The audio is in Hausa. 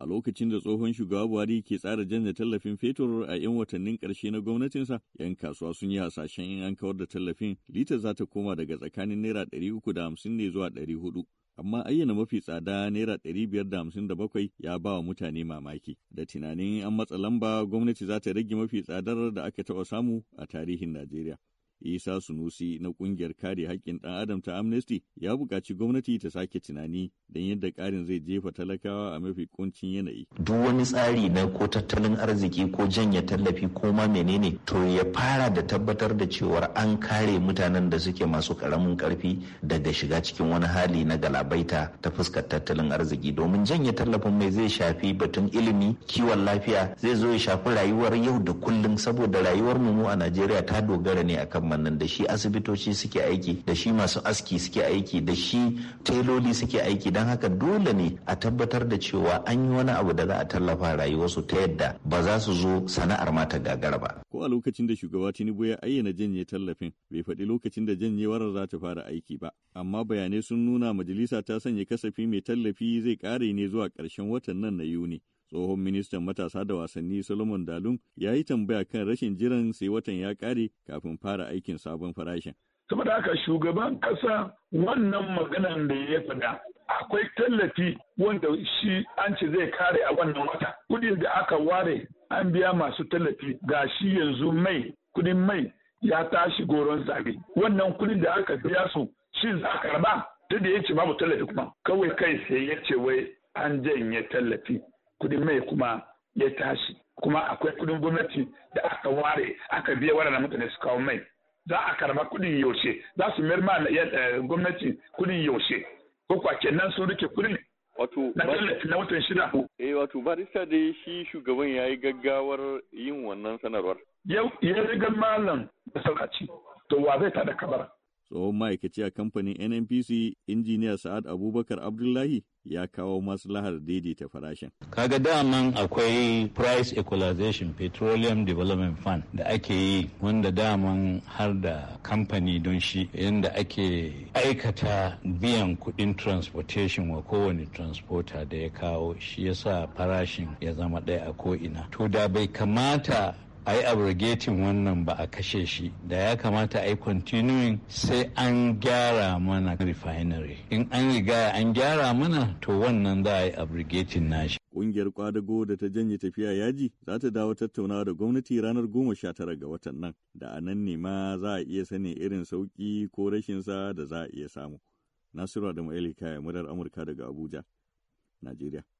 a lokacin da tsohon shugaba Buhari ke tsara janye tallafin fetur a 'yan watannin ƙarshe na gwamnatinsa, 'yan kasuwa sun yi hasashen in an kawar da tallafin lita za ta koma daga tsakanin naira 350 ne zuwa hudu, Amma ayyana mafi tsada naira bakwai ya ba wa mutane mamaki, da tunanin an matsa lamba gwamnati za ta rage mafi tsadar da aka taɓa samu a tarihin Najeriya. Isa Sunusi na kungiyar kare haƙƙin ɗan Adam ta Amnesty ya buƙaci gwamnati ta sake tunani don yadda ƙarin zai jefa talakawa a mafi kuncin yanayi. Duk wani tsari na ko tattalin arziki ko janya tallafi ko ma menene to ya fara da tabbatar da cewar an kare mutanen da suke masu ƙaramin ƙarfi daga shiga cikin wani hali na galabaita ta fuskar tattalin arziki domin janya tallafin mai zai shafi batun ilimi kiwon lafiya zai zo ya shafi rayuwar yau da kullum saboda rayuwar mu a Najeriya ta dogara ne akan kamar da shi asibitoci suke aiki da shi masu aski suke aiki da shi teloli suke aiki don haka dole ne a tabbatar da cewa an yi wani abu da za a tallafa rayuwarsu ta yadda ba za su zo sana'ar mata ta gagara ba. Ko a lokacin da shugaba Tinubu ya ayyana janye tallafin bai faɗi lokacin da janyewar za ta fara aiki ba amma bayanai sun nuna majalisa ta sanya kasafi mai tallafi zai ƙare ne zuwa ƙarshen watan nan na Yuni. tsohon ministan matasa da wasanni Solomon Dalun ya yi tambaya kan rashin jiran sai watan ya kare kafin fara aikin sabon farashin. Saboda haka shugaban kasa wannan maganan da ya faɗa akwai tallafi wanda shi an ce zai kare a wannan wata. Kudin da aka ware an biya masu tallafi ga shi yanzu mai kudin mai ya tashi goron zabe. Wannan kudin da aka biya su shi za a karba. Duk da ya ce babu tallafi kuma kawai kai sai ya ce wai an janye tallafi kudin mai kuma ya tashi kuma akwai kudin gwamnati da aka ware aka biya waɗannan mutane su kawo mai za a karba kudin yaushe za su mayar ma eh, gwamnati kudin yaushe ko kwa kenan sun rike kudin wato na watan shida eh wato barista da shi shugaban ya yi gaggawar yin wannan sanarwar yau ya riga malam da sauraci to wa zai tada kabara tsohon ma'aikaci a kamfanin nnpc injiniya sa'ad abubakar abdullahi ya kawo maslahar daidaita farashin. kaga daman akwai price equalization petroleum development fund da ake yi wanda daman har da kamfani don shi yadda ake aikata biyan kudin transportation wa kowane transporter da ya kawo shi yasa farashin ya zama ɗaya a ko'ina to da bai kamata a yi abrogating wannan ba a kashe shi da ya kamata a yi continuing sai an gyara mana refinery in an riga an gyara mana to wannan za a yi abrogating nashi Ƙungiyar kwadago da ta janye tafiya yaji za ta dawo tattaunawa da gwamnati ranar goma sha tara ga watan nan da a nan ne ma za a iya sani irin sauki ko rashinsa da za a iya samu. Nasiru da Eli ya murar Amurka daga Abuja, Najeriya.